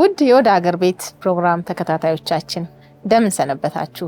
ውድ የወደ አገር ቤት ፕሮግራም ተከታታዮቻችን እንደምን ሰነበታችሁ?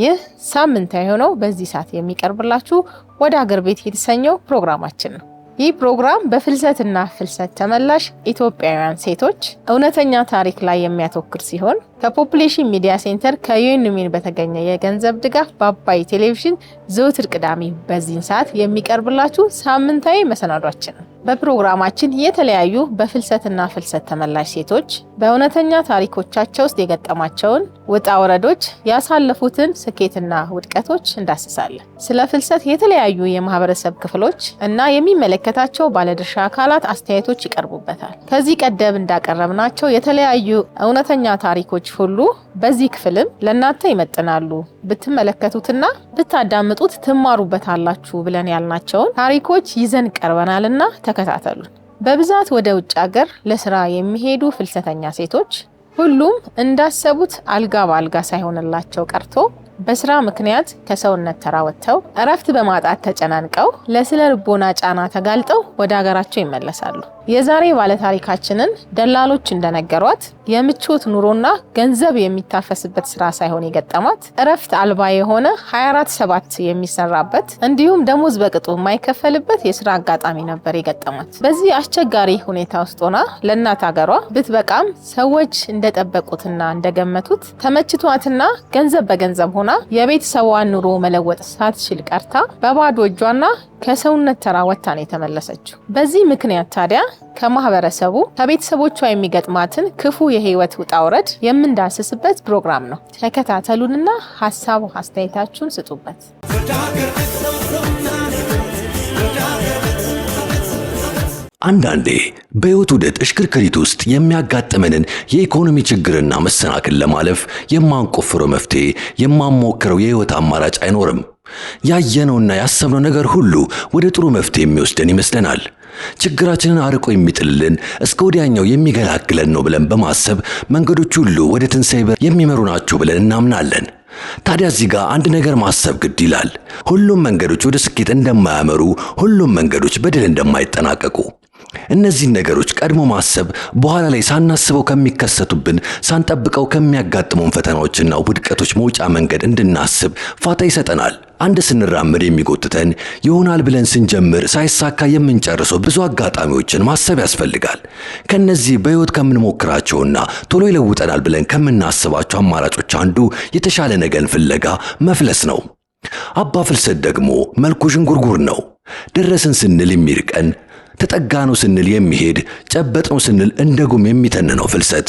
ይህ ሳምንታዊ የሆነው በዚህ ሰዓት የሚቀርብላችሁ ወደ አገር ቤት የተሰኘው ፕሮግራማችን ነው። ይህ ፕሮግራም በፍልሰትና ፍልሰት ተመላሽ ኢትዮጵያውያን ሴቶች እውነተኛ ታሪክ ላይ የሚያተኩር ሲሆን ከፖፑሌሽን ሚዲያ ሴንተር ከዩኤን በተገኘ የገንዘብ ድጋፍ በዓባይ ቴሌቪዥን ዘወትር ቅዳሜ በዚህን ሰዓት የሚቀርብላችሁ ሳምንታዊ መሰናዷችን ነው። በፕሮግራማችን የተለያዩ በፍልሰትና ፍልሰት ተመላሽ ሴቶች በእውነተኛ ታሪኮቻቸው ውስጥ የገጠማቸውን ውጣ ወረዶች፣ ያሳለፉትን ስኬትና ውድቀቶች እንዳስሳለን። ስለ ፍልሰት የተለያዩ የማህበረሰብ ክፍሎች እና የሚመለከታቸው ባለድርሻ አካላት አስተያየቶች ይቀርቡበታል። ከዚህ ቀደም እንዳቀረብናቸው የተለያዩ እውነተኛ ታሪኮች ሁሉ በዚህ ክፍልም ለእናንተ ይመጥናሉ ብትመለከቱትና ብታዳምጡት ትማሩበታላችሁ ብለን ያልናቸውን ታሪኮች ይዘን ቀርበናልና ተከታተሉ በብዛት ወደ ውጭ ሀገር ለስራ የሚሄዱ ፍልሰተኛ ሴቶች ሁሉም እንዳሰቡት አልጋ በአልጋ ሳይሆንላቸው ቀርቶ በስራ ምክንያት ከሰውነት ተራ ወጥተው እረፍት በማጣት ተጨናንቀው ለስነ ልቦና ጫና ተጋልጠው ወደ ሀገራቸው ይመለሳሉ። የዛሬ ባለታሪካችንን ደላሎች እንደነገሯት የምቾት ኑሮና ገንዘብ የሚታፈስበት ስራ ሳይሆን የገጠማት እረፍት አልባ የሆነ 24 ሰባት የሚሰራበት እንዲሁም ደሞዝ በቅጡ የማይከፈልበት የስራ አጋጣሚ ነበር የገጠማት። በዚህ አስቸጋሪ ሁኔታ ውስጥ ሆና ለእናት ሀገሯ ብትበቃም ሰዎች እንደጠበቁትና እንደገመቱት ተመችቷትና ገንዘብ በገንዘብ ሆና የቤተሰቧን ኑሮ መለወጥ ሳትችል ቀርታ በባዶ እጇና ከሰውነት ተራ ወታን የተመለሰችው። በዚህ ምክንያት ታዲያ ከማህበረሰቡ ከቤተሰቦቿ የሚገጥማትን ክፉ የህይወት ውጣ ውረድ የምንዳስስበት ፕሮግራም ነው። ተከታተሉንና ሀሳብ አስተያየታችሁን ስጡበት። አንዳንዴ በሕይወት ውደት እሽክርክሪት ውስጥ የሚያጋጥመንን የኢኮኖሚ ችግርና መሰናክል ለማለፍ የማንቆፍረው መፍትሄ፣ የማንሞክረው የሕይወት አማራጭ አይኖርም። ያየነውና ያሰብነው ነገር ሁሉ ወደ ጥሩ መፍትሄ የሚወስደን ይመስለናል። ችግራችንን አርቆ የሚጥልልን እስከ ወዲያኛው የሚገላግለን ነው ብለን በማሰብ መንገዶች ሁሉ ወደ ትንሣኤ በር የሚመሩ ናቸው ብለን እናምናለን። ታዲያ እዚህ ጋር አንድ ነገር ማሰብ ግድ ይላል። ሁሉም መንገዶች ወደ ስኬት እንደማያመሩ፣ ሁሉም መንገዶች በድል እንደማይጠናቀቁ እነዚህን ነገሮች ቀድሞ ማሰብ በኋላ ላይ ሳናስበው ከሚከሰቱብን ሳንጠብቀው ከሚያጋጥሙን ፈተናዎችና ውድቀቶች መውጫ መንገድ እንድናስብ ፋታ ይሰጠናል። አንድ ስንራመድ የሚጎትተን ይሆናል ብለን ስንጀምር ሳይሳካ የምንጨርሰው ብዙ አጋጣሚዎችን ማሰብ ያስፈልጋል። ከነዚህ በሕይወት ከምንሞክራቸውና ቶሎ ይለውጠናል ብለን ከምናስባቸው አማራጮች አንዱ የተሻለ ነገን ፍለጋ መፍለስ ነው። አባ ፍልሰት ደግሞ መልኩ ዥንጉርጉር ነው። ደረስን ስንል የሚርቀን ተጠጋ ነው ስንል የሚሄድ ጨበጥ ነው ስንል እንደ ጉም የሚተንነው ፍልሰት።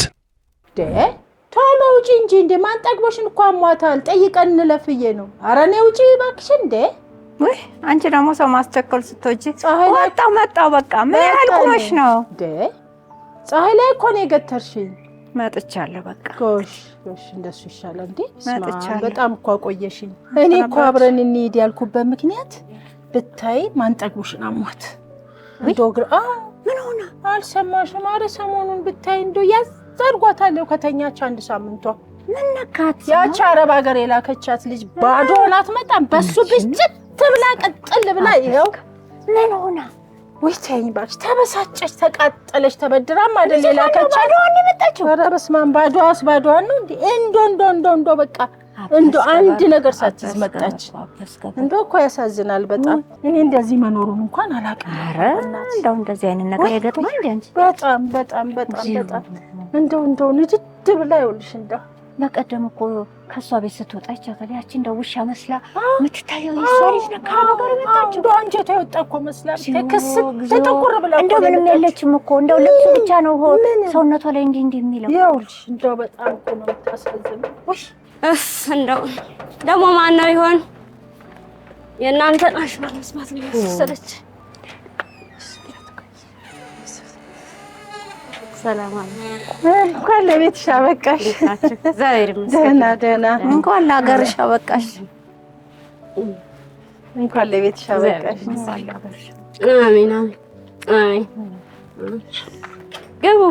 ቶሎ ውጪ እንጂ እንዴ! ማን ጠግቦሽን እኮ አሟታል። ጠይቀን እንለፍዬ ነው። ኧረ እኔ ውጪ እባክሽ እንዴ! ወይ አንቺ ደግሞ ሰው ማስቸኮል ስትወጪ ወጣው መጣው በቃ ምን ያህል ቁመሽ ነው? ፀሐይ ላይ እኮ ነው የገተርሽኝ። መጥቻለሁ በቃ ጎሽ ጎሽ፣ እንደሱ ይሻላል እንዴ። በጣም እኮ አቆየሽኝ። እኔ እኮ አብረን እንሂድ ያልኩበት ምክንያት ብታይ ማንጠግቦሽን አሟት ምን ሆነ አልሰማሽም? አረ ሰሞኑን ብታይ እንዶ ያዝ አድርጓታለሁ። ከተኛች አንድ ሳምንቷ ምን ነካት? ያቺ አረብ ሀገር የላከቻት ልጅ ባዶ ሆና አትመጣም። በሱ ብጭት ብላ ቅጥል ብላ ይኸው ምን ሆና ወይ ተይኝ እባክሽ። ተበሳጨች፣ ተቃጠለች። ተበድራም አይደል የላከቻት። ባዶዋን የመጣችው። ኧረ በስመ አብ ባዶዋስ ባዶዋን ነው እንደ እንዶ እንዶ እንዶ በቃ እንዶ አንድ ነገር ሳትይዝ መጣች። እንዶ እኮ ያሳዝናል በጣም እኔ እንደዚህ መኖሩን እንኳን አላውቅም። እንደው እንደዚህ አይነት ነገር ይገጥማል እንዴ? በጣም በጣም በጣም በጣም እንደው እንደው ንድድ ብላ ይኸውልሽ እንደው በቀደም እኮ ከእሷ ቤት ስትወጣ ይቻታል። ያቺ እንደ ውሻ መስላ የምትታየው የእሷ ልጅ ነገር መጣችው። እንደ አንጀቷ የወጣ እኮ መስላ ክስ ተጠቁር ብላ እንደው ምንም የለችም እኮ እንደው ልብሱ ብቻ ነው ሰውነቷ ላይ እንዲህ እንዲህ የሚለው ይኸውልሽ እንደው በጣም እኮ ነው የምታሳዝነው። እስ እንደው ደግሞ ማነው ይሆን የእናንተ ናሽማር መስማት ስለች እንኳን ለቤትሽ አበቃሽ። ደህና ደህና። እንኳን ለሀገርሽ አበቃሽ። እንኳን ለቤትሽ አበቃሽ። ግቡ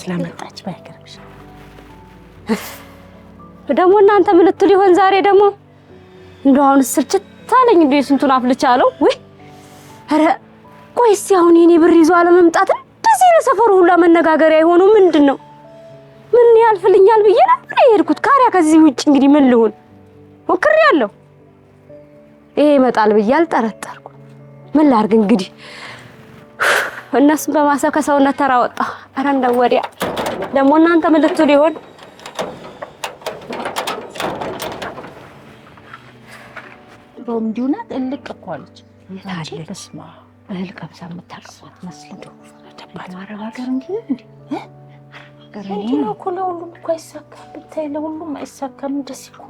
ስለመጣች ባይገርምሽ ደግሞ እናንተ ምን ልትሉ ይሆን ዛሬ ደግሞ? እንደው አሁን ስርችት አለኝ። እንደው የስንቱን አፍልቻ አለው። ወይ ኧረ ቆይ እስኪ አሁን የኔ ብር ይዞ አለመምጣት እንደዚህ ለሰፈሩ ሁላ መነጋገሪያ የሆነው ምንድን ነው? ምን ያልፍልኛል ብዬ ነበር የሄድኩት ካሪያ። ከዚህ ውጭ እንግዲህ ምን ልሁን ሞክሬያለሁ። ይሄ ይመጣል ብዬ አልጠረጠርኩ። ምን ላድርግ እንግዲህ እነሱን በማሰብ ከሰውነት ተራወጣ። ወጣ። ኧረ እንደው ወዲያ ደግሞ እናንተ ምን ልትሉ ይሆን? እንደውም እንዲሁና ናት። እልቅ እኮ አለች ስማ እህል ከብሳ የምታቅሷት መስልዶ አረብ ሀገር እንዲ እንዲ እኮ ለሁሉም እኮ አይሳካም። ብታይ ለሁሉም አይሳካም። ደስ እኮ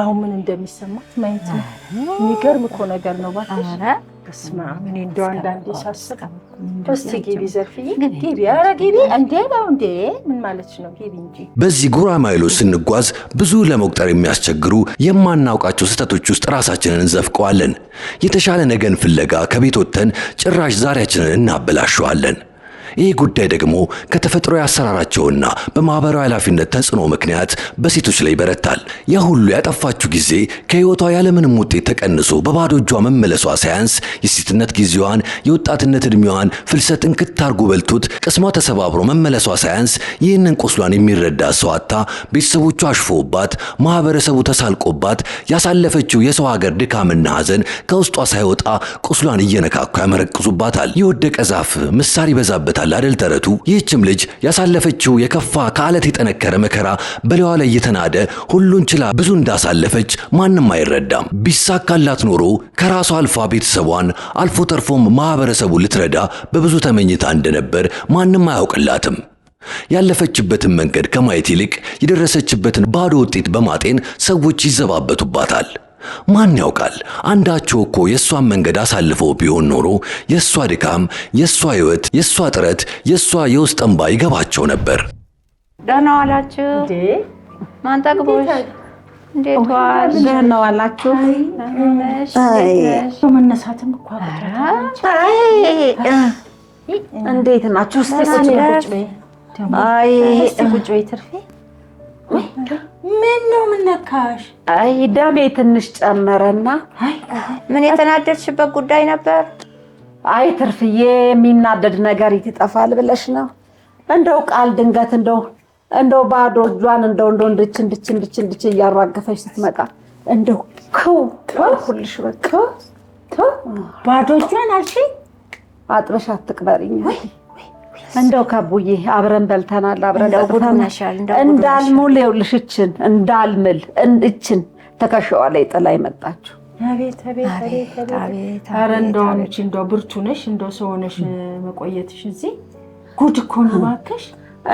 አሁን ምን እንደሚሰማት ማየት ነው። የሚገርም እኮ ነገር ነው ባ በስመ አብ እኔ እንደው አንዳንዴ ሳስብ እስቲ ዘርፍዬ ኧረ እንዴ ነው እንዴ ምን ማለት ነው? እንጂ። በዚህ ጉራማይሎ ስንጓዝ ብዙ ለመቁጠር የሚያስቸግሩ የማናውቃቸው ስህተቶች ውስጥ ራሳችንን እንዘፍቀዋለን። የተሻለ ነገን ፍለጋ ከቤት ወጥተን ጭራሽ ዛሬያችንን እናበላሸዋለን። ይህ ጉዳይ ደግሞ ከተፈጥሯዊ አሰራራቸውና በማህበራዊ ኃላፊነት ተጽዕኖ ምክንያት በሴቶች ላይ ይበረታል። ያ ሁሉ ያጠፋችው ጊዜ ከህይወቷ ያለምንም ውጤት ተቀንሶ በባዶ እጇ መመለሷ ሳያንስ የሴትነት ጊዜዋን የወጣትነት እድሜዋን ፍልሰት እንክት አርጎ በልቶት ቅስሟ ተሰባብሮ መመለሷ ሳያንስ ይህንን ቁስሏን የሚረዳ ሰው አታ አሽፎባት ማህበረሰቡ ተሳልቆባት ያሳለፈችው የሰው ሀገር ድካምና ሐዘን ከውስጧ ሳይወጣ ቁስሏን እየነካኩ ያመረቅዙባታል። የወደቀ ዛፍ ምሳር ይበዛበታል ይላል አደል ተረቱ። ይህችም ልጅ ያሳለፈችው የከፋ ከአለት የጠነከረ መከራ በላዋ ላይ የተናደ ሁሉን ችላ ብዙ እንዳሳለፈች ማንም አይረዳም። ቢሳካላት ኖሮ ከራሷ አልፋ ቤተሰቧን አልፎ ተርፎም ማህበረሰቡ ልትረዳ በብዙ ተመኝታ እንደነበር ማንም አያውቅላትም። ያለፈችበትን መንገድ ከማየት ይልቅ የደረሰችበትን ባዶ ውጤት በማጤን ሰዎች ይዘባበቱባታል። ማን ያውቃል? አንዳቸው እኮ የእሷን መንገድ አሳልፎ ቢሆን ኖሮ የእሷ ድካም፣ የእሷ ህይወት፣ የእሷ ጥረት፣ የእሷ የውስጥ እንባ ይገባቸው ነበር። ደህና ዋላችሁ። ማን ጠግቦሽ? እንዴት ዋል? ደህና ዋላችሁ። መነሳትም እኮ እንዴት ናችሁ? እስኪ ቁጭ በይ፣ ትርፌ ምን ነው ምነካሽ? አይ ደሜ ትንሽ ጨመረና። ምን የተናደድሽበት ጉዳይ ነበር? አይ ትርፍዬ፣ የሚናደድ ነገር ይጠፋል ብለሽ ነው? እንደው ቃል ድንገት እንደው እንደው ባዶ እጇን እንደው እንደው እንድች እንድች እንድች እንድች እያራገፈች ስትመጣ እንደው ከው ሁልሽ በቃ ባዶ እጇን አልሽኝ። አጥበሽ አትቅበሪኝ። እንደው ከቡዬ አብረን በልተናል፣ አብረን እንዳልሙል የውልሽችን እንዳልምል እችን ተከሻዋ ላይ ጥላ ይመጣችሁ። ኧረ እንደው አንቺ እንደው ብርቱ ነሽ፣ እንደው ሰው ነሽ። መቆየትሽ እዚህ ጉድ እኮ ነው እባክሽ።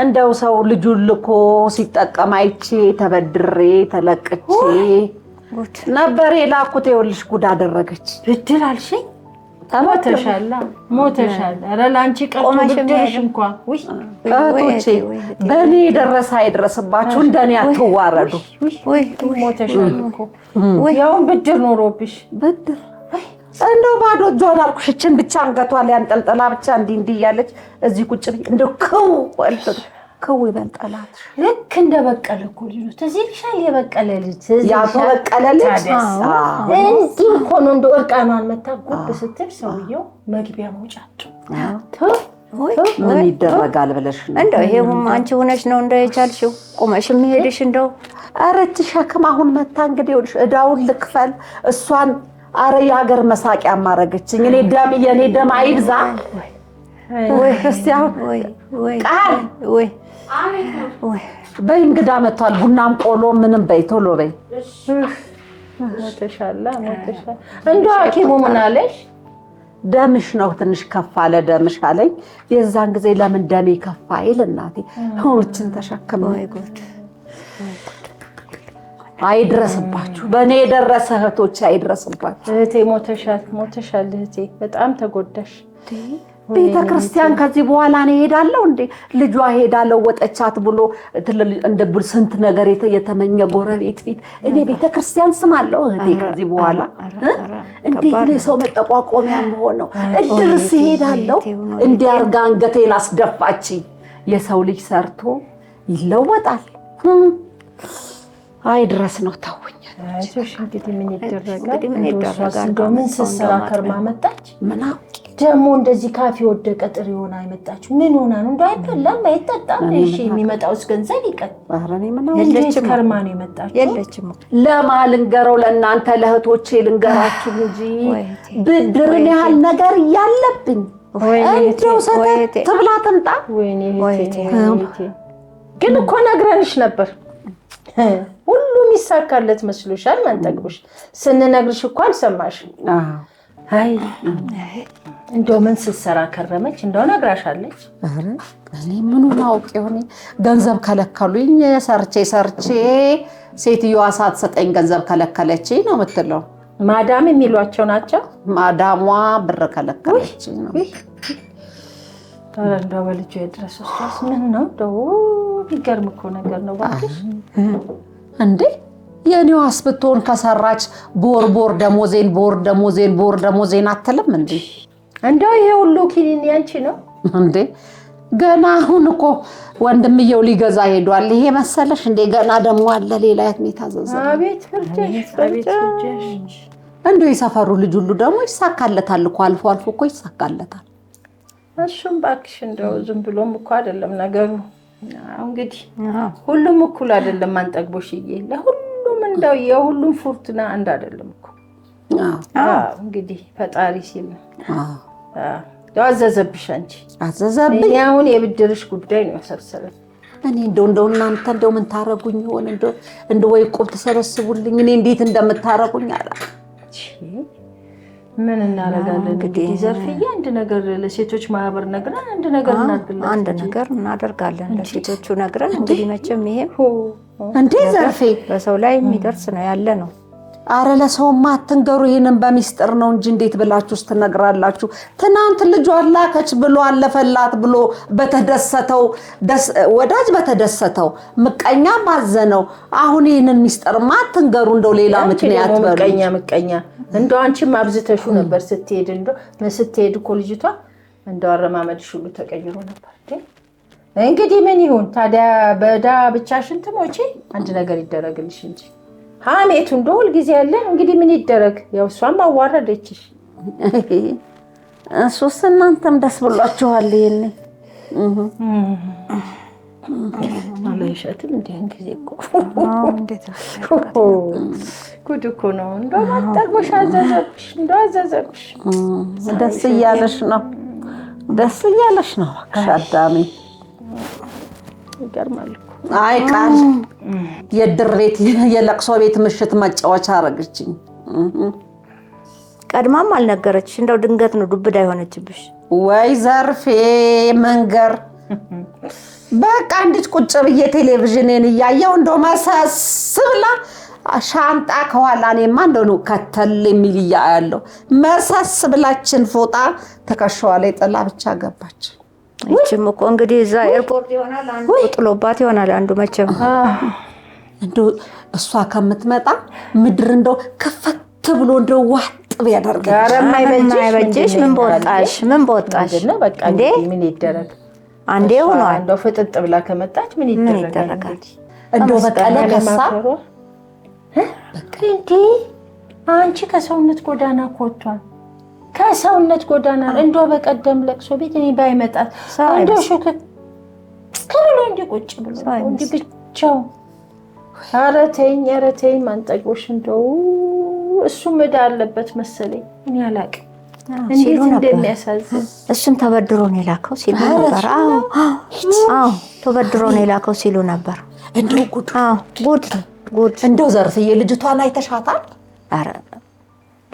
እንደው ሰው ልጁን ልኮ ሲጠቀም አይቼ ተበድሬ ተለቅቼ ነበር የላኩት። የውልሽ ጉድ አደረገች። ብድር አልሽኝ ሞተሻል፣ ሞተሻል። ኧረ ለአንቺ ቀርቶ ብትልሽ እንኳ እህቶቼ፣ በእኔ የደረሰ አይደረስባችሁ፣ እንደኔ አትዋረዱ። ሞተሻል እኮ ያውም ብድር ኖሮብሽ ብድር እንደው ባዶ እጇን አልኩሽ። ይችን ብቻ አንገቷ ላይ አንጠልጥላ ብቻ እንዲህ እንዲህ እያለች እዚህ ቁጭ እንደው ክው ክው ይበንቀላት ልክ እንደ በቀለ እኮ ልጅ ነው። እዚህ ይሻል የበቀለ ልጅ ያበቀለ ልጅ እንዲህ እኮ ነው። እንደ እርቃኗን መታ ጉብ ስትል ሰውየው መግቢያ መውጫቸው ምን ይደረጋል ብለሽ እንደው ይሄውም አንቺ ሆነሽ ነው እንደ የቻልሽው ቁመሽ የሚሄድሽ እንደው አረች ሸክም አሁን መታ እንግዲህ እዳውን ልክፈል እሷን አረ የሀገር መሳቂያ ማረገችኝ። እኔ ደም የኔ ደም አይብዛ ወይ ክርስቲያን ወይ ቃል ወይ በይ እንግዳ መቷል። ቡናም ቆሎ ምንም በይ ቶሎ በይ። እንደው ሐኪሙ ምን አለሽ? ደምሽ ነው ትንሽ ከፍ አለ ደምሽ አለኝ። የዛን ጊዜ ለምን ደሜ ከፍ አይል እናቴ ሁሉችን ተሸክመ አይድረስባችሁ። በእኔ የደረሰ እህቶች አይድረስባችሁ። እህቴ ሞተሻል ሞተሻል። እህቴ በጣም ተጎዳሽ። ቤተ ክርስቲያን ከዚህ በኋላ እኔ ሄዳለሁ እንዴ ልጇ ሄዳለሁ ወጠቻት ብሎ እንደ ስንት ነገር የተመኘ ጎረቤት ፊት እኔ ቤተ ክርስቲያን ስም አለው እህቴ። ከዚህ በኋላ እንዴ? እኔ ሰው መጠቋቋሚያ መሆን ነው? እድርስ ሄዳለሁ እንዲ አርጋ አንገቴን አስደፋች። የሰው ልጅ ሰርቶ ይለወጣል። አይ ድረስ ነው ታወኝ ምን ይደረጋል? ምን ስስራ ከርማ መጣች ምናምን ደግሞ እንደዚህ ካፌ ወደቀ ጥሪ ሆና የመጣችው ምን ሆና ነው? እንደ አይበላም አይጠጣም። እሺ የሚመጣውስ ገንዘብ ይቀር ከርማ ነው የመጣችው። የለችም ለማ ልንገረው፣ ለእናንተ ለእህቶቼ ልንገራችሁ እንጂ ብድርን ያህል ነገር እያለብኝ እንደው ሰተት ትብላ ትምጣ። ግን እኮ ነግረንሽ ነበር ሁሉም ይሳካለት መስሎሻል። መንጠግቦሽ ስንነግርሽ እኮ አልሰማሽም። አይ እንደው ምን ስትሰራ ከረመች እንደሆነ አግራሻለች። እኔ ምኑን አውቄ ሆኔ ገንዘብ ከለከሉኝ። ሰርቼ ሰርቼ ሴትዮዋ ሳትሰጠኝ ገንዘብ ከለከለች ነው የምትለው። ማዳም የሚሏቸው ናቸው። ማዳሟ ብር ከለከለች ነው እንደው በልጁ የድረስ ምን ነው እንደው ቢገርም እኮ ነገር ነው እንዴ የኔዋስ ብትሆን ከሰራች ቦር ቦር ደሞዜን ቦር ደሞዜን ቦር ደሞዜን አትልም እንዴ? እንደው ይሄ ሁሉ ኪኒን ያንቺ ነው እንዴ? ገና አሁን እኮ ወንድምየው ሊገዛ ሄዷል። ይሄ መሰለሽ እንዴ? ገና ደግሞ አለ ሌላ የት ነው የታዘዘው? አቤት እንደው የሰፈሩ ልጅ ሁሉ ደግሞ ይሳካለታል እኮ አልፎ አልፎ እኮ ይሳካለታል። እሱም እባክሽ እንደው ዝም ብሎም እኮ አይደለም ነገሩ። እንግዲህ ሁሉም እኩል አይደለም። አንጠግቦሽዬ ለሁሉ ሁሉም እንደው የሁሉም ፉርትና አንድ አይደለም እኮ እንግዲህ ፈጣሪ ሲል አዘዘብሽ አንቺ አዘዘብኝ። አሁን የብድርሽ ጉዳይ ነው ያሳሰበኝ። እኔ እንደው እንደው እናንተ እንደው ምን ታረጉኝ ይሆን እንደው እንደው ወይ ቆብ ተሰበስቡልኝ። እኔ እንዴት እንደምታረጉኝ አላ ምን እናደርጋለን እንግዲህ ዘርፍዬ፣ አንድ ነገር ለሴቶች ማህበር ነግረን አንድ ነገር እናደርጋለን። አንድ ነገር እናደርጋለን ለሴቶቹ ነግረን እንግዲህ መቼም ይሄም እንዴ ዘርፌ በሰው ላይ የሚደርስ ነው ያለ ነው። አረ ለሰውማ አትንገሩ፣ ይህንን በሚስጥር ነው እንጂ እንዴት ብላችሁ ስትነግራላችሁ? ትናንት ልጇን ላከች ብሎ አለፈላት ብሎ በተደሰተው ወዳጅ በተደሰተው ምቀኛ ማዘነው። አሁን ይህንን ሚስጥርማ አትንገሩ፣ እንደው ሌላ ምክንያት በሉ። ምቀኛ ምቀኛ እንደው አንቺም አብዝተሹ ነበር ስትሄድ፣ እንደው ስትሄድ እኮ ልጅቷ እንደው አረማመድሽ ሁሉ ተቀይሮ ነበር። እንግዲህ ምን ይሁን ታዲያ በዕዳ ብቻሽን ትሞቺ? አንድ ነገር ይደረግልሽ እንጂ ሀሜቱ እንደ ሁልጊዜ ያለ። እንግዲህ ምን ይደረግ፣ ያው እሷም አዋረደችሽ። እሱስ እናንተም ደስ ብሏችኋል። ይሄኔ አላይሻትም እንዲህን ጊዜ ጉድ እኮ ነው። እንደ ማጠቦሽ አዘዘብሽ፣ እንደ አዘዘብሽ። ደስ እያለሽ ነው፣ ደስ እያለሽ ነው አዳሜ ይገርማል። አይ ቃል የድር ቤት የለቅሶ ቤት ምሽት መጫወቻ አረገችኝ። ቀድማም አልነገረችሽ? እንደው ድንገት ነው ዱብዳ የሆነችብሽ? ወይ ዘርፌ መንገር በቃ እንዲት ቁጭ ብዬ ቴሌቪዥንን እያየው እንደው መሰስ ብላ ሻንጣ ከኋላ እኔማ እንደሆነ ከተል የሚል ያለው መሰስ ብላችን ፎጣ ትከሻዋ ላይ ጥላ ብቻ ገባች። ይችም እኮ እንግዲህ እዛ ኤርፖርት ይሆናል አንዱ ጥሎባት ይሆናል አንዱ መቼም እንደው እሷ ከምትመጣ ምድር እንደው ከፈት ብሎ እንደው ዋጥ ቢያደርገሽ ምን በወጣሽ ምን በወጣሽ አንዴ ሆኗል። እንደው ፍጥጥ ብላ ከመጣች ምን ይደረጋል? እንደው በቀለ ከሳ አንቺ ከሰውነት ጎዳና ኮቷል ከሰውነት ጎዳና እንዶ በቀደም ለቅሶ ቤት እኔ ባይመጣት እንዶ ሹክክ ከብሎ እንዲ ቁጭ ብሎ እንዲ ብቻው ኧረ ተይኝ፣ ማንጠቆሽ እንደው እሱም ዕዳ አለበት መሰለኝ እኔ አላቅም እንዴት እንደሚያሳዝን እሱም ተበድሮ ነው የላከው ሲሉ ነበር። አዎ አዎ ተበድሮ ነው የላከው ሲሉ ነበር። እንደው ጉድ ጉድ ጉድ እንደው ዘርፍዬ ልጅቷን አይተሻታል?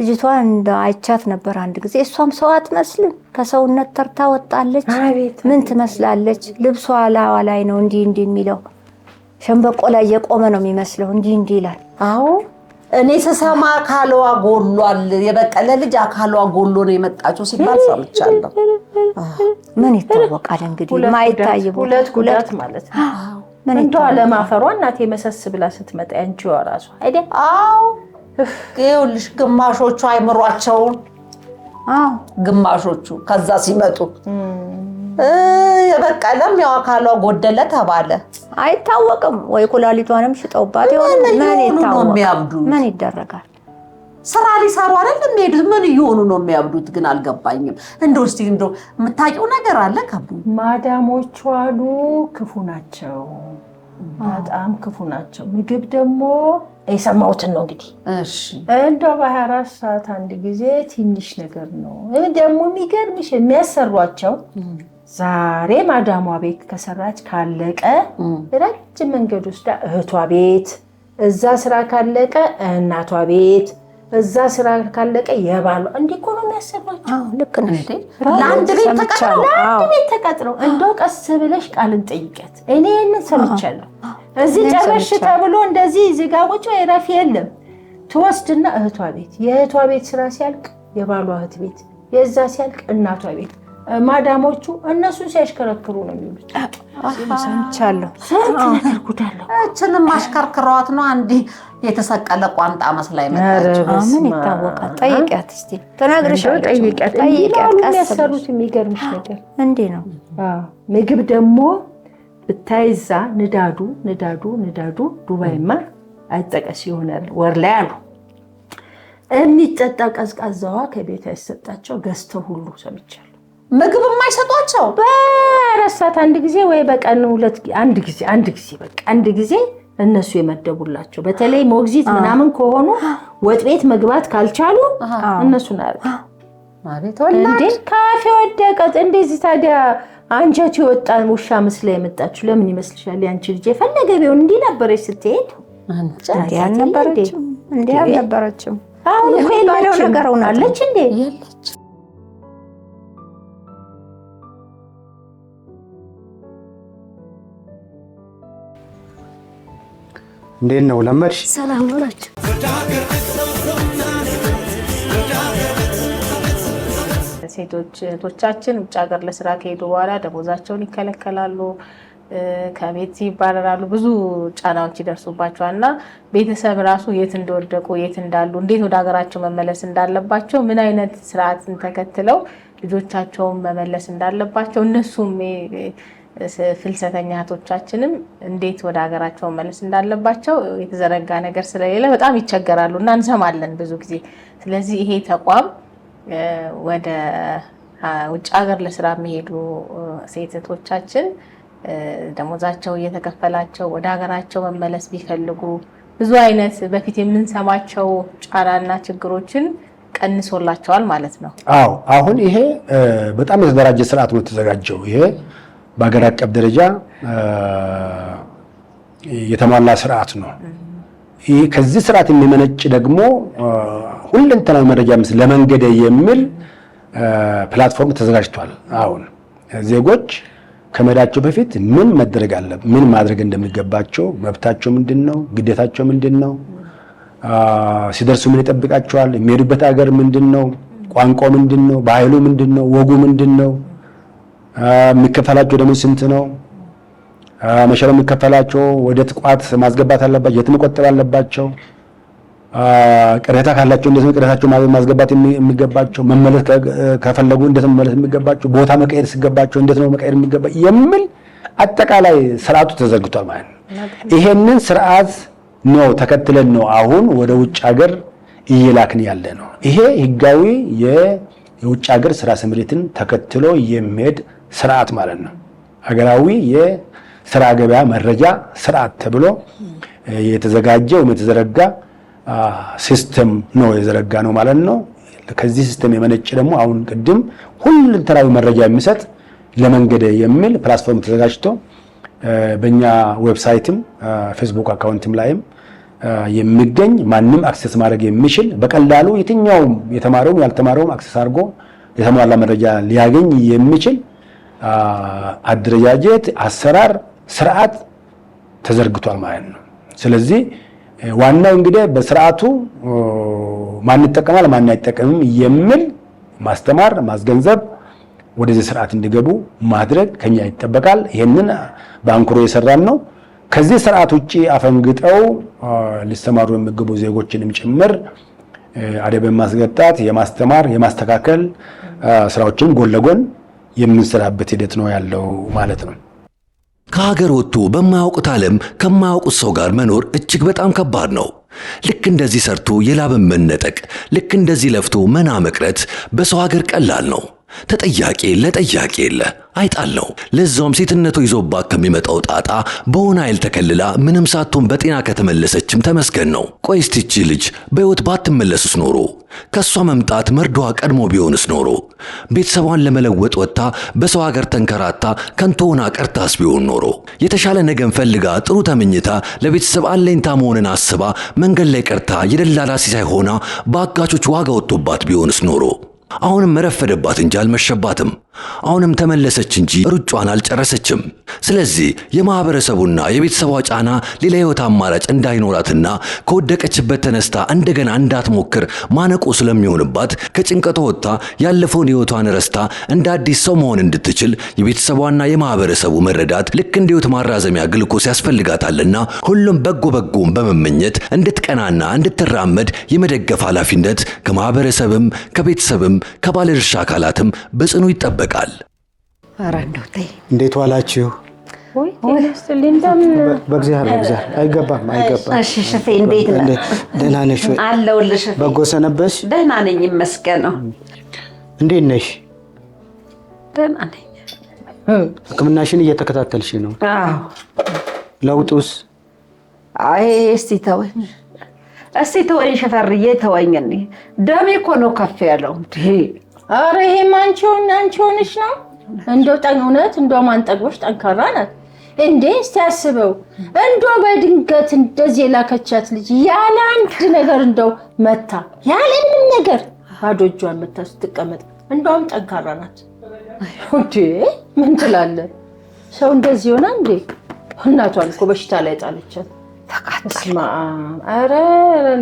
ልጅቷ እንደ አይቻት ነበር አንድ ጊዜ። እሷም ሰው አትመስልም፣ ከሰውነት ተርታ ወጣለች። ምን ትመስላለች? ልብሷ ላዋ ላይ ነው እንዲህ እንዲህ የሚለው ሸንበቆ ላይ የቆመ ነው የሚመስለው። እንዲህ እንዲህ ይላል። አዎ እኔ ስሰማ አካሏ ጎሏል፣ የበቀለ ልጅ አካሏ ጎሎ ነው የመጣቸው ሲባል ሰምቻለሁ። ምን ይታወቃል እንግዲህ ማይታይ ሁለት ጉዳት ማለት ነው። እንደው ለማፈሯ እናቴ መሰስ ብላ ስትመጣ ያንቺዋ ራሷ አይደ ይኸውልሽ ግማሾቹ አይምሯቸውን ግማሾቹ ከዛ ሲመጡ የበቀለም ያው አካሏ ጎደለ ተባለ። አይታወቅም ወይ ኩላሊቷንም ሽጠውባት የሚያብዱ ምን ይደረጋል? ስራ ሊሰሩ አይደል የሚሄዱት? ምን እየሆኑ ነው የሚያብዱት? ግን አልገባኝም። እንደው እስኪ እንደው የምታውቂው ነገር አለ? ከቡ ማዳሞቹ አሉ ክፉ ናቸው፣ በጣም ክፉ ናቸው። ምግብ ደግሞ የሰማሁትን ነው እንግዲህ። እንደው በሀያ አራት ሰዓት አንድ ጊዜ ትንሽ ነገር ነው ደግሞ የሚገርምሽ የሚያሰሯቸው ዛሬ ማዳሟ ቤት ከሰራች ካለቀ ረጅም መንገድ ወስዳ እህቷ ቤት፣ እዛ ስራ ካለቀ እናቷ ቤት፣ እዛ ስራ ካለቀ የባሉ እንዲህ እኮ ነው የሚያሰሯቸው። ልክ ነሽ። ለአንድ ቤት ተቀጥረው እንደው ቀስ ብለሽ ቃልን ጠይቀት። እኔ ይህንን ሰምቻለሁ። እዚህ ጨበሽ ተብሎ እንደዚህ ዜጋ ጋ ቁጭ ረፍ የለም። ትወስድና እህቷ ቤት የእህቷ ቤት ስራ ሲያልቅ የባሏ እህት ቤት የዛ ሲያልቅ እናቷ ቤት ማዳሞቹ እነሱን ሲያሽከረክሩ ነው የሚሉት። ሰምቻለሁ። እችንም አሽከርክረዋት ነው አንድ የተሰቀለ ቋንጣ መስላይ ይመጣችምን ይታወቃል። ጠይቂያት እስኪ ተናግረሽ ጠይቂያት። የሚገርምሽ ነገር እንዲህ ነው ምግብ ደግሞ ብታይዛ ንዳዱ ንዳዱ ንዳዱ ዱባይማ አይጠቀስ ይሆናል ወር ላይ አሉ። የሚጠጣ ቀዝቃዛዋ ከቤት አይሰጣቸው ገዝተው ሁሉ ሰምቻለሁ። ምግብ የማይሰጧቸው በረሳት አንድ ጊዜ ወይ በቀን ሁለት አንድ ጊዜ አንድ ጊዜ በቃ አንድ ጊዜ እነሱ የመደቡላቸው በተለይ ሞግዚት ምናምን ከሆኑ ወጥ ቤት መግባት ካልቻሉ እነሱን አያደርግ እንዴ ካፌ ወደቀ። እንደዚህ ታዲያ አንጀቱ የወጣ ውሻ ምስላ የመጣችሁ ለምን ይመስልሻል? ያንቺ ልጅ የፈለገ ቢሆን እንዲህ ነበረች ስትሄድ እንዲህ አልነበረችም። አሁን እኮ የለው ነገር ሆናለች እንዴ እንዴት ነው ለመድሽ? ሰላም ሆናችሁ ሴቶች እህቶቻችን ውጭ ሀገር ለስራ ከሄዱ በኋላ ደሞዛቸውን ይከለከላሉ፣ ከቤት ይባረራሉ፣ ብዙ ጫናዎች ይደርሱባቸዋል እና ቤተሰብ ራሱ የት እንደወደቁ የት እንዳሉ እንዴት ወደ ሀገራቸው መመለስ እንዳለባቸው ምን አይነት ስርዓትን ተከትለው ልጆቻቸውን መመለስ እንዳለባቸው እነሱም ፍልሰተኛ እህቶቻችንም እንዴት ወደ ሀገራቸው መመለስ እንዳለባቸው የተዘረጋ ነገር ስለሌለ በጣም ይቸገራሉ እና እንሰማለን ብዙ ጊዜ። ስለዚህ ይሄ ተቋም ወደ ውጭ ሀገር ለስራ የሚሄዱ ሴት እህቶቻችን ደሞዛቸው እየተከፈላቸው ወደ ሀገራቸው መመለስ ቢፈልጉ ብዙ አይነት በፊት የምንሰማቸው ጫናና ችግሮችን ቀንሶላቸዋል ማለት ነው። አዎ አሁን ይሄ በጣም የተደራጀ ስርዓት ነው የተዘጋጀው። ይሄ በሀገር አቀፍ ደረጃ የተሟላ ስርዓት ነው። ከዚህ ስርዓት የሚመነጭ ደግሞ ሁለንተናዊ መረጃ ምስ ለመንገደ የሚል ፕላትፎርም ተዘጋጅቷል። አሁን ዜጎች ከመዳቸው በፊት ምን መደረግ አለ ምን ማድረግ እንደሚገባቸው መብታቸው ምንድን ነው? ግዴታቸው ምንድን ነው? ሲደርሱ ምን ይጠብቃቸዋል? የሚሄዱበት ሀገር ምንድን ነው? ቋንቋው ምንድን ነው? ባህሉ ምንድን ነው? ወጉ ምንድን ነው? የሚከፈላቸው ደግሞ ስንት ነው? መሸለም የሚከፈላቸው ወደ ጥቋት ማስገባት አለባቸው? የት መቆጠብ አለባቸው? ቅሬታ ካላቸው እንደዚህ ነው ቅሬታቸው ማስገባት የሚገባቸው፣ መመለስ ከፈለጉ እንዴት ነው መመለስ የሚገባቸው፣ ቦታ መቀየር ሲገባቸው እንደት ነው መቀየር የሚገባ የሚል አጠቃላይ ስርዓቱ ተዘርግቷል ማለት ነው። ይሄንን ስርዓት ነው ተከትለን ነው አሁን ወደ ውጭ ሀገር እየላክን ያለ ነው። ይሄ ህጋዊ የውጭ ሀገር ስራ ስምሪትን ተከትሎ የሚሄድ ስርዓት ማለት ነው። ሀገራዊ የስራ ገበያ መረጃ ስርዓት ተብሎ የተዘጋጀ ወይም የተዘረጋ ሲስተም ነው የዘረጋ ነው ማለት ነው። ከዚህ ሲስተም የመነጭ ደግሞ አሁን ቅድም ሁለንተናዊ መረጃ የሚሰጥ ለመንገደ የሚል ፕላትፎርም ተዘጋጅቶ በእኛ ዌብሳይትም ፌስቡክ አካውንትም ላይም የሚገኝ ማንም አክሰስ ማድረግ የሚችል በቀላሉ የትኛውም የተማረውም ያልተማረውም አክሰስ አድርጎ የተሟላ መረጃ ሊያገኝ የሚችል አደረጃጀት፣ አሰራር፣ ስርዓት ተዘርግቷል ማለት ነው። ስለዚህ ዋናው እንግዲህ በስርዓቱ ማን ይጠቀማል ማን አይጠቀምም የሚል ማስተማር፣ ማስገንዘብ ወደዚህ ስርዓት እንዲገቡ ማድረግ ከኛ ይጠበቃል። ይህንን በአንክሮ የሰራን ነው። ከዚህ ስርዓት ውጭ አፈንግጠው ሊሰማሩ የሚገቡ ዜጎችንም ጭምር አደብ የማስገጣት የማስተማር የማስተካከል ስራዎችን ጎን ለጎን የምንሰራበት ሂደት ነው ያለው ማለት ነው። ከሀገር ወጥቶ በማያውቁት ዓለም ከማያውቁት ሰው ጋር መኖር እጅግ በጣም ከባድ ነው። ልክ እንደዚህ ሰርቶ የላብን መነጠቅ፣ ልክ እንደዚህ ለፍቶ መና መቅረት በሰው ሀገር ቀላል ነው። ተጠያቂ የለ ጠያቂ የለ አይጣለው። ለዛውም ሴትነቱ ይዞባት ከሚመጣው ጣጣ በሆነ ኃይል ተከልላ ምንም ሳትሆን በጤና ከተመለሰችም ተመስገን ነው። ቆይ እስቲ ልጅ በሕይወት ባትመለስስ ኖሮ ከእሷ መምጣት መርዶዋ ቀድሞ ቢሆንስ ኖሮ ቤተሰቧን ለመለወጥ ወጥታ በሰው ሀገር ተንከራታ ከንቶ ሆና ቀርታስ ቢሆን ኖሮ የተሻለ ነገን ፈልጋ ጥሩ ተመኝታ ለቤተሰብ አለኝታ መሆንን አስባ መንገድ ላይ ቀርታ የደላላ ሲሳይ ሆና በአጋቾች ዋጋ ወጥቶባት ቢሆንስ ኖሮ አሁንም መረፈደባት እንጂ አልመሸባትም። አሁንም ተመለሰች እንጂ ሩጫዋን አልጨረሰችም። ስለዚህ የማህበረሰቡና የቤተሰቧ ጫና ሌላ ህይወት አማራጭ እንዳይኖራትና ከወደቀችበት ተነስታ እንደገና እንዳትሞክር ማነቆ ስለሚሆንባት ከጭንቀቷ ወጥታ ያለፈውን ህይወቷን ረስታ እንደ አዲስ ሰው መሆን እንድትችል የቤተሰቧና የማህበረሰቡ መረዳት ልክ እንደ ህይወት ማራዘሚያ ግልኮስ ያስፈልጋታልና ሁሉም በጎ በጎውን በመመኘት እንድትቀናና እንድትራመድ የመደገፍ ኃላፊነት ከማህበረሰብም ከቤተሰብም ከባለድርሻ አካላትም በጽኑ ይጠበቃል። ይጠበቃል። እንዴት ዋላችሁ? በእግዚአብሔር አይገባም አይገባም። ደህና ነሽ አለሁልሽ። በጎ ደህና ነኝ እንዴት ነሽ? ደህና ነኝ። ሕክምናሽን እየተከታተልሽ ነው? ለውጡስ? አይ እስቲ ተወኝ እስቲ ተወኝ ሸፈርዬ ተወኝ። ደሜ እኮ ነው ከፍ ያለው አረ ይሄም አንቺውን አንቺውንሽ ነው እንደው ጠን እውነት እንደው ማንጠግቦች ጠንካራ ናት እንዴ እስቲ አስበው እንዶ በድንገት እንደዚህ የላከቻት ልጅ ያለ አንድ ነገር እንደው መታ ያለ ምንም ነገር ባዶ እጇን መታ ስትቀመጥ እንደውም ጠንካራ ናት እንዴ ምን ትላለህ ሰው እንደዚህ ሆና እንዴ እናቷን እኮ በሽታ ላይ ጣለቻት ተቃጥማ አረ አረ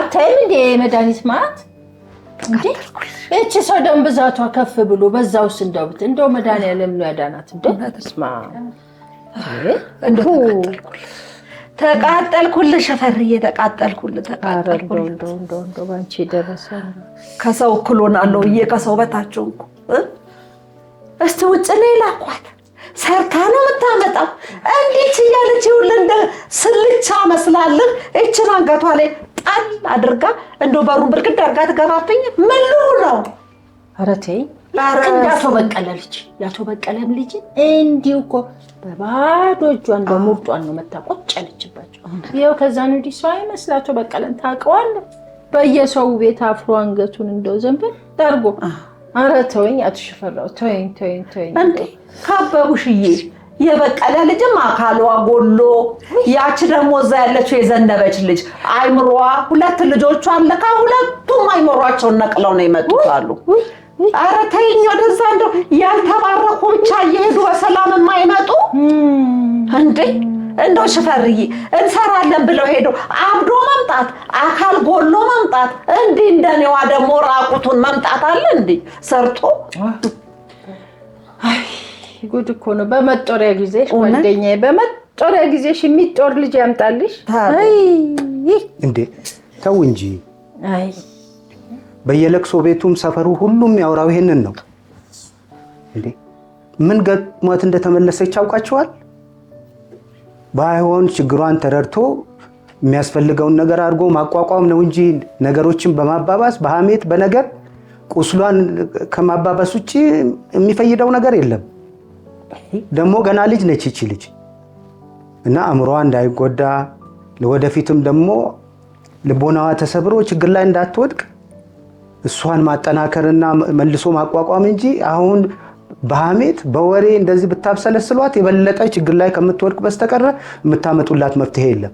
አታይም እንዴ መድኃኒት ማለት እቺ ሰው ደም ብዛቷ ከፍ ብሎ በዛ ውስጥ እንደው ብት እንደው መድኃኒዓለም ነው ያዳናት። እንደስማ ተቃጠልኩልህ፣ ሸፈርዬ ተቃጠልኩልህ፣ ተቃጠልኩልህ። እንደው ባንቺ ደረሰ። ከሰው እኩል ሆናለሁ ብዬ ከሰው በታች ሆንኩ። እስቲ ውጭ ላይ ላኳት ሰርታ ነው የምታመጣው። እንዴት እያለች ይኸውልህ፣ እንደ ስልቻ መስላልህ። እችን አንገቷ ላይ ጣል አድርጋ እንደ በሩን ብርግድ አድርጋ ትገባብኝ። ምን ነው? ኧረ ተይ እንዳቶ በቀለ ልጅ ያቶ በቀለም ልጅ እንዲሁ እኮ በባዶ እጇን በሙርጧን ነው መታ ቁጭ ያለችባቸው። ይኸው ከዛን ወዲህ ሰው አይመስል አቶ በቀለን ታውቀዋለህ። በየሰው ቤት አፍሮ አንገቱን እንደው ዘንብን ዳርጎ። ኧረ ተወኝ አቶ ሽፈራው ተወኝ፣ ተወኝ፣ ተወኝ። ካበቡሽዬ የበቀለ ልጅም አካሏ ጎሎ፣ ያች ደግሞ እዛ ያለችው የዘነበች ልጅ አይምሯ፣ ሁለት ልጆቿ አለካ ሁለቱም አይምሯቸውን ነቅለው ነው የመጡት አሉ። ኧረ ተይኝ ወደዛ እንደው ያልተባረኩ ብቻ እየሄዱ በሰላም የማይመጡ እንዴ! እንደው ሽፈርዬ እንሰራለን ብለው ሄደው አብዶ መምጣት አካል ጎሎ መምጣት፣ እንዲህ እንደኔዋ ደግሞ ራቁቱን መምጣት አለ እንዲህ ሰርቶ ጉድ እኮ ነው። በመጦሪያ ጊዜሽ ጓደኛዬ፣ በመጦሪያ ጊዜሽ የሚጦር ልጅ ያምጣልሽ እንዴ! ተው እንጂ። በየለቅሶ ቤቱም ሰፈሩ ሁሉም ያውራው ይሄንን ነው እንዴ። ምን ገጥሟት እንደተመለሰች አውቃቸዋል ባይሆን ችግሯን ተረድቶ የሚያስፈልገውን ነገር አድርጎ ማቋቋም ነው እንጂ ነገሮችን በማባባስ በሐሜት በነገር ቁስሏን ከማባባስ ውጭ የሚፈይደው ነገር የለም። ደግሞ ገና ልጅ ነች ይቺ ልጅ እና አእምሮዋ እንዳይጎዳ ወደፊትም ደግሞ ልቦናዋ ተሰብሮ ችግር ላይ እንዳትወድቅ እሷን ማጠናከርና መልሶ ማቋቋም እንጂ አሁን በሐሜት በወሬ እንደዚህ ብታብሰለስሏት የበለጠ ችግር ላይ ከምትወድቅ በስተቀረ የምታመጡላት መፍትሄ የለም።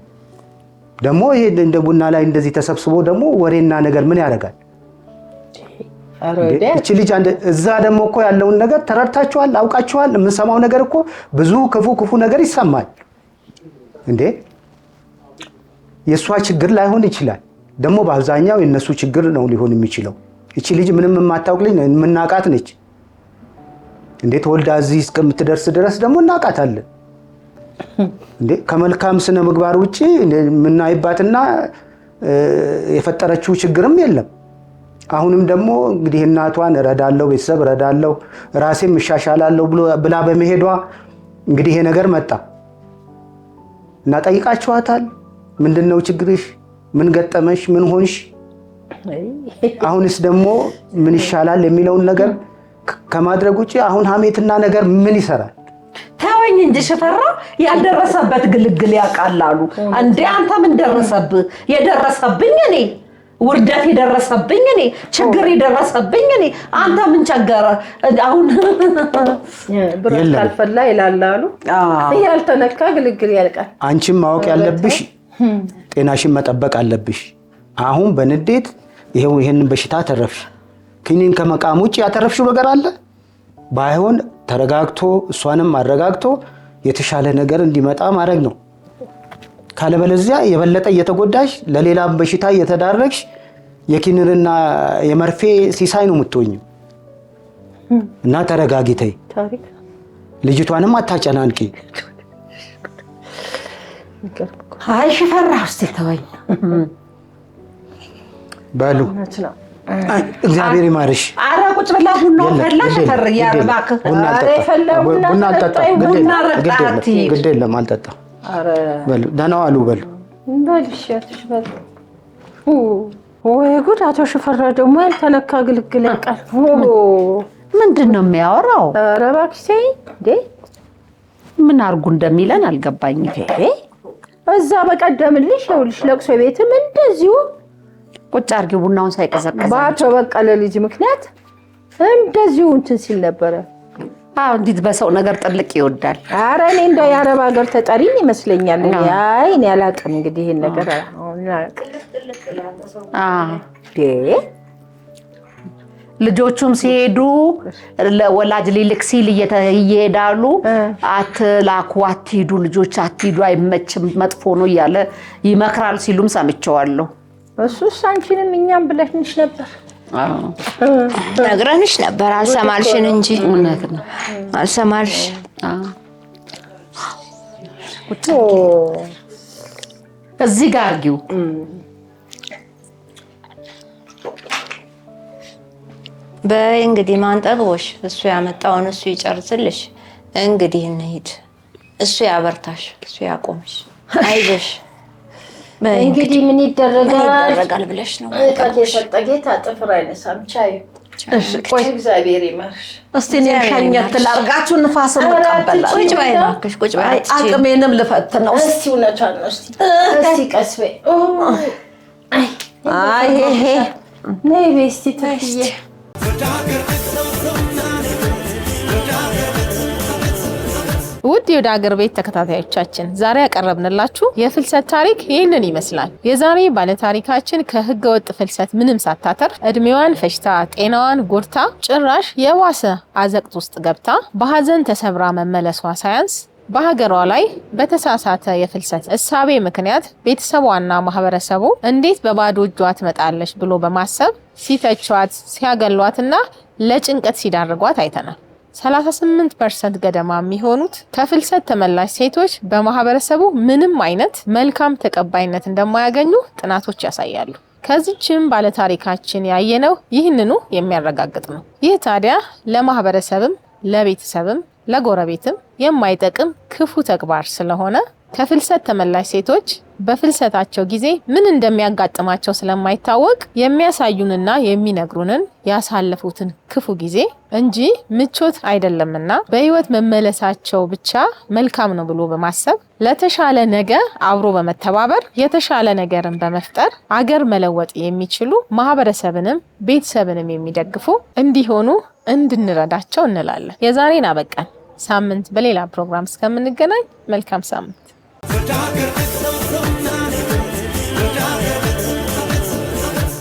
ደግሞ ይሄ እንደ ቡና ላይ እንደዚህ ተሰብስቦ ደግሞ ወሬና ነገር ምን ያደርጋል? እቺ ልጅ አንድ እዛ ደግሞ እኮ ያለውን ነገር ተረድታችኋል፣ አውቃችኋል። የምንሰማው ነገር እኮ ብዙ ክፉ ክፉ ነገር ይሰማል። እንዴ የእሷ ችግር ላይሆን ይችላል። ደግሞ በአብዛኛው የእነሱ ችግር ነው ሊሆን የሚችለው። እቺ ልጅ ምንም የማታውቅ ልጅ የምናቃት ነች። እንዴት ወልዳ እዚህ እስከምትደርስ ድረስ ደግሞ እናውቃታለን። እንዴ ከመልካም ስነ ምግባር ውጭ የምናይባትና የፈጠረችው ችግርም የለም። አሁንም ደግሞ እንግዲህ እናቷን እረዳለሁ፣ ቤተሰብ እረዳለሁ፣ ራሴም እሻሻላለሁ ብላ በመሄዷ እንግዲህ ይሄ ነገር መጣ እና ጠይቃችኋታል? ምንድን ነው ችግርሽ? ምን ገጠመሽ? ምን ሆንሽ? አሁንስ ደግሞ ምን ይሻላል የሚለውን ነገር ከማድረግ ውጭ አሁን ሀሜትና ነገር ምን ይሰራል? ተወኝ እንጂ ሽፈራ ያልደረሰበት ግልግል ያውቃል አሉ። እንዴ አንተ ምን ደረሰብህ? የደረሰብኝ እኔ ውርደት የደረሰብኝ እኔ ችግር የደረሰብኝ እኔ። አንተ ምን ቸገረ? አሁን ብር ካልፈላ ይሄ ያልተነካ ግልግል ያልቃል። አንቺም ማወቅ ያለብሽ ጤናሽን መጠበቅ አለብሽ። አሁን በንዴት ይሄው ይሄንን በሽታ ተረፍሽ። ክኒን ከመቃም ውጭ ያተረፍሽው ነገር አለ? ባይሆን ተረጋግቶ እሷንም አረጋግቶ የተሻለ ነገር እንዲመጣ ማድረግ ነው። ካለበለዚያ የበለጠ እየተጎዳሽ ለሌላ በሽታ እየተዳረግሽ የኪንርና የመርፌ ሲሳይ ነው የምትወኝ። እና ተረጋጊተይ ልጅቷንም አታጨናንቂ። አይ ሽፈራ ውስጥ ተወኝ። በሉ እግዚአብሔር ይማርሽ። አረ ቁጭ ብላ ቡና ፈላሽ ተር ያረባክ ቡና አልጠጣም። ግድ የለም አልጠጣም ደህና ዋሉ በሉ። ወይ ጉድ! አቶ ሽፈራ ደግሞ ያልተነካ ግልግል ያውቃል። ምንድን ነው የሚያወራው? ኧረ እባክሽ ምን አድርጉ እንደሚለን አልገባኝም። እዛ በቀደምልሽ ይኸውልሽ፣ ለቅሶ ቤትም እንደዚሁ ቁጭ አርጊ ቡናውን ሳይቀዘቅዝ በአቶ በቀለ ልጅ ምክንያት እንደዚሁ እንትን ሲል ነበረ። አዎ እንዴት በሰው ነገር ጥልቅ ይወዳል። አረ እኔ እንደ የአረብ ሀገር ተጠሪኝ ይመስለኛል። አይ እኔ አላውቅም እንግዲህ ይሄን ነገር ልጆቹም ሲሄዱ ለወላጅ ሊልክ ሲል እየሄዳሉ አትላኩ፣ አትሂዱ፣ ልጆች አትሂዱ፣ አይመችም፣ መጥፎ ነው እያለ ይመክራል ሲሉም ሰምቼዋለሁ። እሱስ አንቺንም እኛም ብለሽ ነበር ነግረንሽ ነበር አልሰማልሽን እንጂ እውነት ነው አልሰማልሽ። እዚህ ጋር አድርጊው። በይ እንግዲህ ማንጠግቦሽ እሱ ያመጣውን እሱ ይጨርስልሽ። እንግዲህ እንሂድ። እሱ ያበርታሽ፣ እሱ ያቆምሽ። አይዞሽ እንግዲህ ምን ይደረጋል ብለሽ ነው ቃል የሰጠ ጌታ ጥፍር አይነሳም። ቻዩ እግዚአብሔር ይመርሽ። እስቲ ሸኘት ላርጋችሁ ንፋስ አቅሜንም እስቲ እውነቷን ነው። እስቲ ቀስ በይ ይሄ ውድ የወደ ሀገር ቤት ተከታታዮቻችን ዛሬ ያቀረብንላችሁ የፍልሰት ታሪክ ይህንን ይመስላል። የዛሬ ባለታሪካችን ከህገ ወጥ ፍልሰት ምንም ሳታተር እድሜዋን ፈሽታ ጤናዋን ጎድታ ጭራሽ የዋሰ አዘቅት ውስጥ ገብታ በሀዘን ተሰብራ መመለሷ ሳያንስ በሀገሯ ላይ በተሳሳተ የፍልሰት እሳቤ ምክንያት ቤተሰቧና ማህበረሰቡ እንዴት በባዶ እጇ ትመጣለች ብሎ በማሰብ ሲተቿት ሲያገሏትና ለጭንቀት ሲዳርጓት አይተናል። 38 ፐርሰንት ገደማ የሚሆኑት ከፍልሰት ተመላሽ ሴቶች በማህበረሰቡ ምንም አይነት መልካም ተቀባይነት እንደማያገኙ ጥናቶች ያሳያሉ። ከዚችም ባለታሪካችን ያየነው ይህንኑ የሚያረጋግጥ ነው። ይህ ታዲያ ለማህበረሰብም ለቤተሰብም ለጎረቤትም የማይጠቅም ክፉ ተግባር ስለሆነ ከፍልሰት ተመላሽ ሴቶች በፍልሰታቸው ጊዜ ምን እንደሚያጋጥማቸው ስለማይታወቅ የሚያሳዩንና የሚነግሩንን ያሳለፉትን ክፉ ጊዜ እንጂ ምቾት አይደለምና በሕይወት መመለሳቸው ብቻ መልካም ነው ብሎ በማሰብ ለተሻለ ነገ አብሮ በመተባበር የተሻለ ነገርን በመፍጠር አገር መለወጥ የሚችሉ ማህበረሰብንም ቤተሰብንም የሚደግፉ እንዲሆኑ እንድንረዳቸው እንላለን። የዛሬን አበቃን። ሳምንት በሌላ ፕሮግራም እስከምንገናኝ መልካም ሳምንት